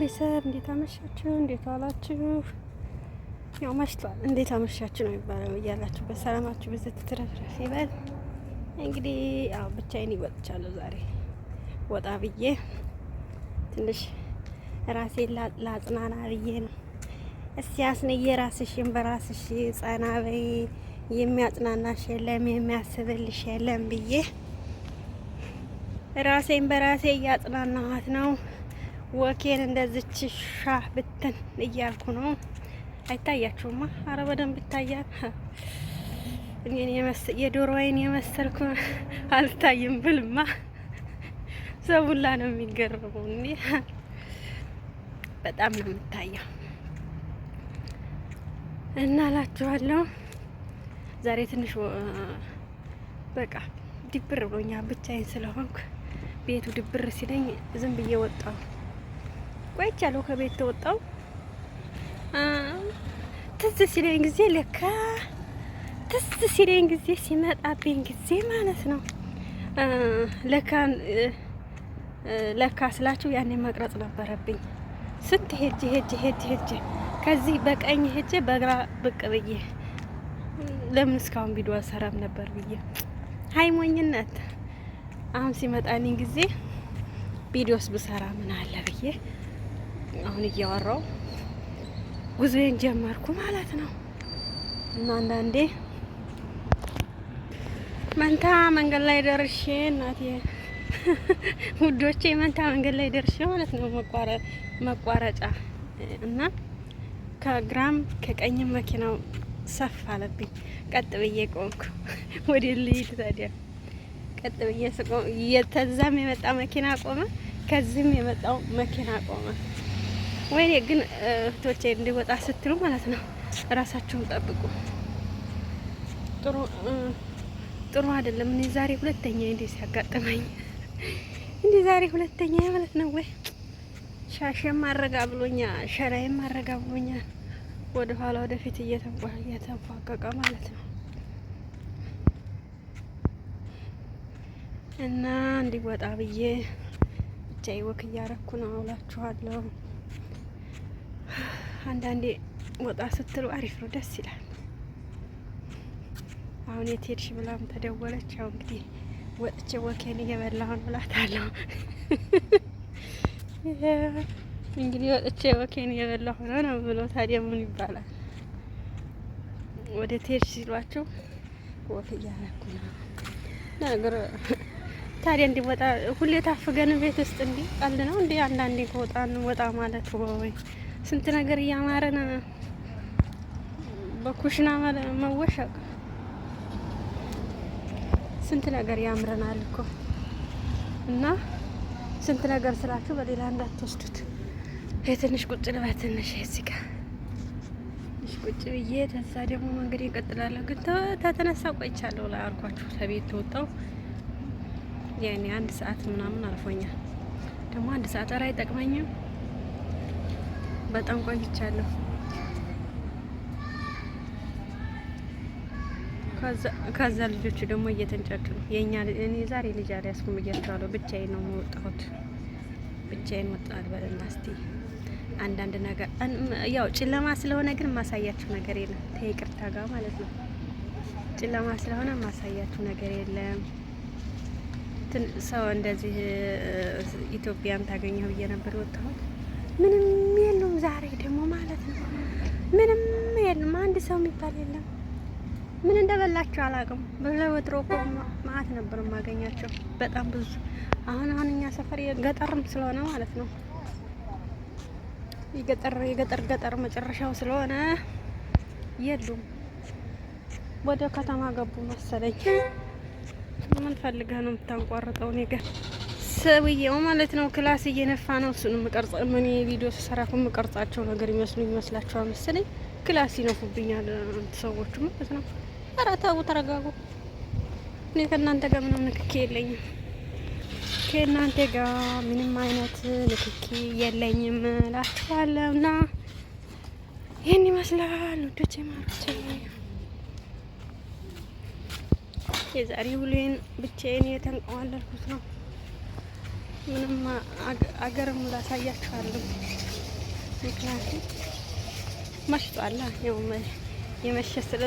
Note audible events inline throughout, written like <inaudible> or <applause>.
ቤተሰብ እንዴት አመሻችሁ? እንዴት ዋላችሁ? ያው ማሽቷል። እንዴት አመሻችሁ ነው የሚባለው። እያላችሁበት በሰላማችሁ ብዙ ትትረፍረፍ ይበል። እንግዲህ ያው ብቻዬን ይወጥቻለሁ ዛሬ ወጣ ብዬ ትንሽ ራሴን ላጽናና ብዬ ነው። እስቲ አስንዬ ራስሽን በራስሽ ጸና በይ፣ የሚያጽናናሽ የለም የሚያስብልሽ የለም ብዬ ራሴን በራሴ እያጽናናኋት ነው። ወኬን እንደዚች ሻ ብትን እያልኩ ነው። አይታያችሁማ? አረ በደንብ ይታያል። የዶሮ ወይን የመሰልኩ አልታይም ብልማ ሰው ነው የሚገርመው። እኔ በጣም ነው የምታየው እና እላችኋለሁ ዛሬ ትንሽ በቃ ድብር ብሎኛ ብቻዬን ስለሆንኩ ቤቱ ድብር ሲለኝ ዝም ብዬ ወጣሁ። ቆይቻለሁ ከቤት ተወጣው ትዝ ሲለኝ ጊዜ ለካ ትዝ ሲለኝ ጊዜ ሲመጣብኝ ጊዜ ማለት ነው። ለካ ለካ ስላችሁ ያኔ መቅረጽ ነበረብኝ። ስንት ሄጄ ሄጄ ሄጄ ሄጄ ከዚህ በቀኝ ሄጄ በግራ ብቅ ብዬ ለምን እስካሁን ቪዲዮ አልሰራም ነበር ብዬ ሞኝነት። አሁን ሲመጣልኝ ጊዜ ቪዲዮስ ብሰራ ምን አለ ብዬ አሁን እያወራው ጉዞዬን ጀመርኩ ማለት ነው። እና አንዳንዴ መንታ መንገድ ላይ ደርሼ እናቴ <laughs> ውዶቼ መንታ መንገድ ላይ ደርሼ ማለት ነው መቋረጫ እና ከግራም ከቀኝም መኪናው ሰፍ አለብኝ። ቀጥ ብዬ ቆምኩ። <laughs> ወደ ልሂድ ታዲያ ቀጥ ብዬ ስቆም የተዛም የመጣ መኪና ቆመ፣ ከዚህም የመጣው መኪና ቆመ። ወይኔ ግን እህቶቼ እንዲወጣ ስትሉ ማለት ነው እራሳችሁን ጠብቁ። ጥሩ ጥሩ አይደለም። እኔ ዛሬ ሁለተኛ እንዴ ሲያጋጥመኝ እንዴ ዛሬ ሁለተኛ ማለት ነው ወይ ሻሼም አረጋ ብሎኛ፣ ሸራዬም አረጋ ብሎኛ፣ ወደ ኋላ ወደፊት እየተንፏቀቀ ማለት ነው እና እንዲወጣ ብዬ ብቻ ይወክ እያረኩ ነው አውላችኋለሁ። አንዳንዴ ወጣ ስትሉ አሪፍ ነው፣ ደስ ይላል። አሁን የት ሄድሽ ብላም ተደወለች። ያው እንግዲህ ወጥቼ ወኬን እየበላሁን ብላታለሁ። እንግዲህ ወጥቼ ወኬን እየበላሁ ነው ነው ብሎ ታዲያ ምን ይባላል? ወደ ቴድ ሲሏቸው ወክ እያረኩ ነው ነገር ታዲያ እንዲወጣ ሁሌ ታፍገን ቤት ውስጥ እንዲ ቀልድ ነው እንዲ አንዳንዴ ከወጣን ወጣ ማለት ወይ ስንት ነገር እያማረን በኩሽና መወሸቅ ስንት ነገር ያምረናል እኮ እና ስንት ነገር ስላችሁ በሌላ እንዳትወስዱት። የትንሽ ቁጭ ልባ ትንሽ እዚጋ ትንሽ ቁጭ ብዬ ተዛ ደግሞ መንገድ ይቀጥላለሁ። ግን ተተነሳ ቆይቻለሁ። ላይ አልኳችሁ ከቤት ተወጣው ያኔ አንድ ሰዓት ምናምን አልፎኛል። ደግሞ አንድ ሰዓት ራ አይጠቅመኝም በጣም ቆይቻለሁ። ከዛ ልጆቹ ደግሞ እየተንጫጩ ነው። የኛ እኔ ዛሬ ልጅ አልያዝኩም ብያቸዋለሁ። ብቻዬን ነው የምወጣሁት። ብቻዬን ወጣል በለና እስቲ አንዳንድ ነገር ያው ጨለማ ስለሆነ ግን ማሳያችሁ ነገር የለም ከይቅርታ ጋር ማለት ነው። ጨለማ ስለሆነ ማሳያችሁ ነገር የለም። ትን ሰው እንደዚህ ኢትዮጵያን ታገኘው ብዬ ነበር የወጣሁት ምንም ዛሬ ደግሞ ማለት ነው ምንም የለም። አንድ ሰው የሚባል የለም። ምን እንደበላቸው አላውቅም። በለወጥሮ እኮ ማአት ነበር የማገኛቸው በጣም ብዙ። አሁን አሁን እኛ ሰፈር የገጠርም ስለሆነ ማለት ነው የገጠር የገጠር ገጠር መጨረሻው ስለሆነ የሉም። ወደ ከተማ ገቡ መሰለኝ። ምን ፈልገህ ነው የምታንቋርጠው? ሰውዬው ማለት ነው ክላስ እየነፋ ነው። እሱን የምቀርጽ ምን ቪዲዮ ስሰራ እኮ የምቀርጻቸው ነገር ይመስሉ ይመስላቸው መሰለኝ። ክላስ ይነፉብኛል ሰዎቹ ማለት ነው። ኧረ ተው ተረጋጉ። እኔ ከእናንተ ጋር ምንም ንክኪ የለኝም። ከእናንተ ጋር ምንም አይነት ንክኪ የለኝም እላችኋለሁ። እና ይህን ይመስላል ውዶቼ ማሮቼ። የዛሬ ውሎዬን ብቻዬን የተንቀዋለልኩት ነው ምንም አገርም ላሳያችኋለሁ። ምክንያቱም መሽጧላ ያው የመሸ ስለ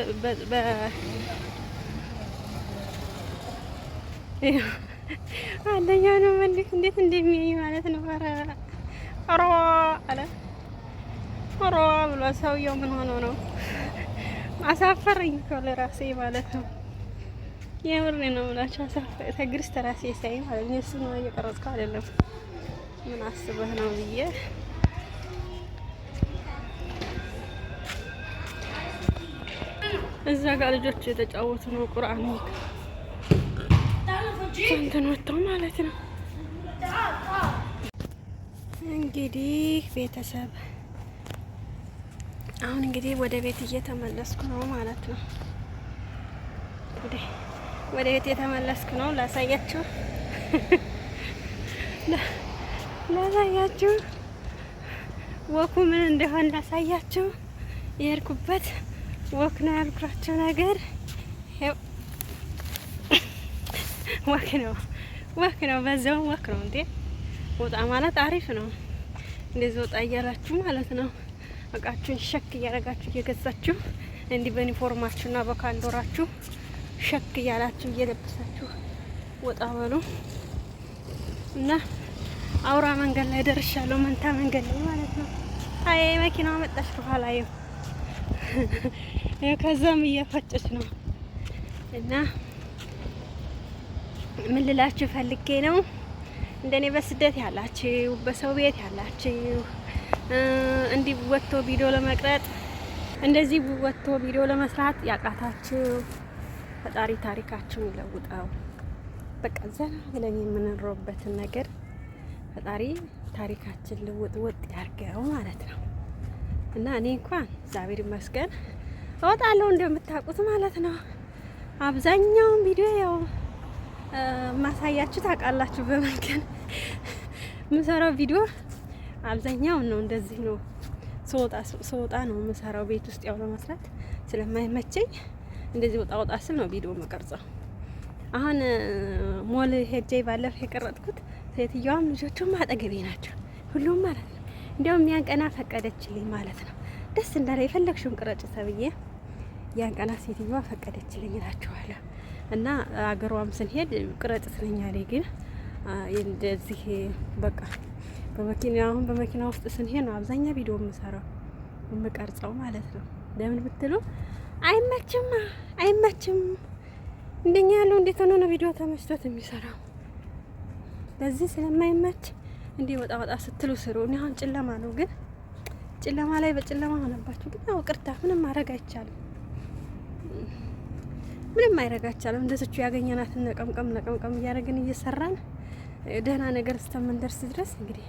አንደኛው ነው እንዴት እንዴት እንደሚያይ ማለት ነው። ኧረ ኧረ አለ ኧረ ብሎ ሰውየው ምን ሆኖ ነው? አሳፈረኝ ከለ ራሴ ማለት ነው። የምር ነው የምላቸው ተግርስ ተራሴ ሳይ ማለት ነው። ነው እየቀረጽኩ አይደለም ምን አስበህ ነው ብዬ እዛ ጋር ልጆች የተጫወቱ ነው። ቁርአን እንትን ወጥተው ማለት ነው። እንግዲህ ቤተሰብ አሁን እንግዲህ ወደ ቤት እየተመለስኩ ነው ማለት ነው እንግዲህ ወደ ቤት የተመለስኩ ነው። ላሳያችሁ ላሳያችሁ ወኩ ምን እንደሆነ ላሳያችሁ። የሄድኩበት ወክ ነው ያልኩራቸው ነገር ወክ ነው ወክ ነው፣ በዛው ወክ ነው። እንዴ ወጣ ማለት አሪፍ ነው። እንደዚህ ወጣ እያላችሁ ማለት ነው። እቃችሁን ሸክ እያደረጋችሁ እየገዛችሁ እንዲህ በዩኒፎርማችሁና በካንዶራችሁ ሸክ እያላችሁ እየለበሳችሁ ወጣ በሉ እና አውራ መንገድ ላይ ደርሻለሁ። መንታ መንገድ ላይ ማለት ነው። አይ መኪናዋ መጣች ከኋላ ይኸው ከዛም እየፈጨች ነው እና ምን ልላችሁ ፈልጌ ነው እንደኔ በስደት ያላችሁ በሰው ቤት ያላችሁ እንዲህ ወጥቶ ቪዲዮ ለመቅረጥ እንደዚህ ወጥቶ ቪዲዮ ለመስራት ያቃታችሁ ፈጣሪ ታሪካችን ይለውጠው። በቃ ዘና ብለን የምንኖርበትን ነገር ፈጣሪ ታሪካችን ልውጥ ወጥ ያርገው ማለት ነው እና እኔ እንኳን እግዚአብሔር ይመስገን እወጣለሁ እንደምታውቁት ማለት ነው። አብዛኛውን ቪዲዮ ያው ማሳያችሁ ታውቃላችሁ። በመንገድ የምሰራው ቪዲዮ አብዛኛውን ነው እንደዚህ ነው። ስወጣ ነው የምሰራው ቤት ውስጥ ያው ለመስራት ስለማይመቸኝ እንደዚህ ወጣ ወጣ ስል ነው ቪዲዮ መቀርጸው። አሁን ሞል ሄጄ ባለፈ የቀረጥኩት ሴትዮዋም ልጆቹም አጠገቤ ናቸው፣ ሁሉም ማለት ነው። እንዲያውም ያን ቀና ፈቀደችልኝ ማለት ነው። ደስ እንዳለ የፈለግሽውን ቅረጭ ተብዬ ያን ቀና ሴትዮዋ ፈቀደችልኝ እላችኋለሁ። እና አገሯም ስንሄድ ቅረጭ ትለኛለች፣ ግን እንደዚህ በቃ በመኪና አሁን በመኪና ውስጥ ስንሄድ ነው አብዛኛ ቪዲዮ የምሰራው የምቀርጸው ማለት ነው። ለምን ብትሉ አይመችም፣ አይመችም። እንደኛ ያለው እንዴት ሆኖ ነው ቪዲዮ ተመችቶት የሚሰራው? በዚህ ስለማይመች እንዴ ወጣ ወጣ ስትሉ ስሩ። እኔ አሁን ጨለማ ነው፣ ግን ጨለማ ላይ በጨለማ ሆነባችሁ። ግን ያው ቅርታ ምንም ማድረግ አይቻልም፣ ምንም ማድረግ አይቻልም። እንደዚቹ ያገኘናትን ነቀምቀም ነቀምቀም እያደረግን እየሰራን ደህና ነገር እስከምንደርስ ድረስ እንግዲህ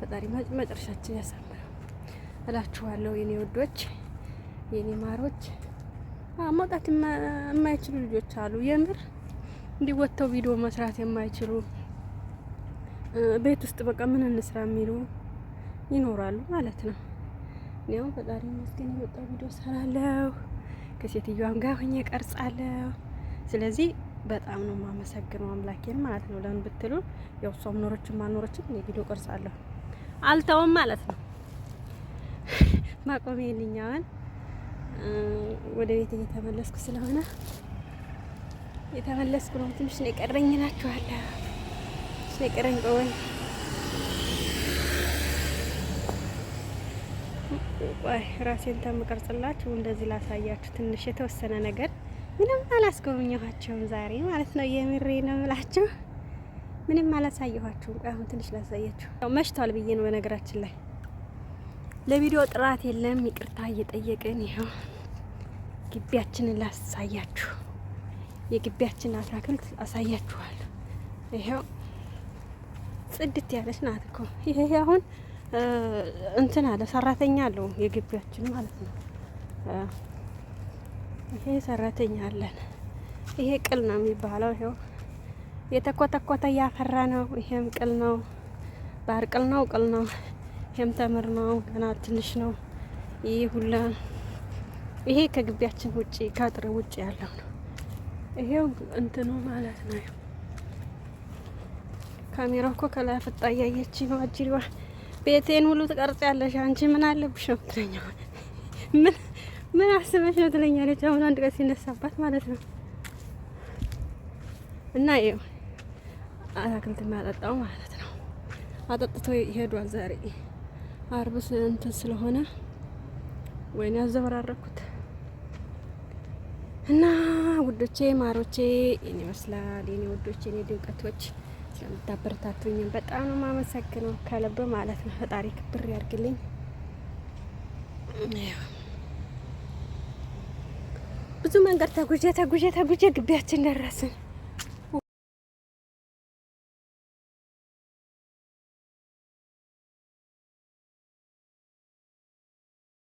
ፈጣሪ መጨረሻችን ያሳምረው እላችኋለሁ የኔ ውዶች የኔ ማሮች። መውጣት የማይችሉ ልጆች አሉ። የምር እንዲህ ወጥተው ቪዲዮ መስራት የማይችሉ ቤት ውስጥ በቃ ምን እንስራ የሚሉ ይኖራሉ ማለት ነው። እኔው ፈጣሪ ይመስገን የወጣው ቪዲዮ ሰራለሁ፣ ከሴትዮዋም ጋር ሆኜ ቀርጻለሁ። ስለዚህ በጣም ነው የማመሰግነው አምላኬን ማለት ነው። ለምን ብትሉ ያው እሷም ኖሮችም አልኖሮችም እኔ ቪዲዮ ቀርጻለሁ አልተውም ማለት ነው። ማቆም የልኛዋን ወደ ቤት እየተመለስኩ ስለሆነ የተመለስኩ ነው። ትንሽ ነው የቀረኝ እላችኋለሁ። ትንሽ ነው የቀረኝ። ቆይ ቆይ ራሴን ተምቀርጽላችሁ እንደዚህ ላሳያችሁ ትንሽ የተወሰነ ነገር ምንም አላስጎብኘኋቸውም ዛሬ ማለት ነው። የምሬ ነው የምላችሁ ምንም አላሳየኋችሁም። ቆይ አሁን ትንሽ ላሳያችሁ። መሽቷል ብዬ ነው በነገራችን ላይ ለቪዲዮ ጥራት የለም። ይቅርታ እየጠየቅን ይኸው ግቢያችንን ላሳያችሁ፣ የግቢያችን አትክልት አሳያችኋለሁ። ይኸው ጽድት ያለች ናት እኮ ይሄ አሁን እንትን አለ ሰራተኛ አለው የግቢያችን ማለት ነው። ይሄ ሰራተኛ አለን። ይሄ ቅል ነው የሚባለው። ይኸው የተኮተኮተ እያፈራ ነው። ይሄም ቅል ነው፣ ባር ቅል ነው፣ ቅል ነው የምተምር ነው። ገና ትንሽ ነው። ይህ ሁላ ይሄ ከግቢያችን ውጭ ከአጥር ውጭ ያለው ነው። ይሄው እንትኑ ማለት ነው። ካሜራው እኮ ከላይ ፍጣ እያየች ነው። አጅሪዋ ቤቴን ሁሉ ትቀርጽ ያለሽ አንቺ ምን አለብሽ ነው ትለኛ። ምን ምን አስበሽ ነው ትለኛለች። አሁን አንድ ቀን ሲነሳባት ማለት ነው። እና ይኸው አታክልት የሚያጠጣው ማለት ነው። አጠጥቶ ይሄዷል ዛሬ አርብ እንትን ስለሆነ ወይኔ ያዘበራረኩት እና ውዶቼ ማሮቼ እኔ ይመስላል እኔ ውዶቼ እኔ ድምቀቶች ስለምታበረታቱኝም በጣም ነው የማመሰግነው ከልብ ማለት ነው። ፈጣሪ ክብር ያርግልኝ። ብዙ መንገድ ተጉዤ ተጉዤ ተጉዤ ግቢያችን ደረስን።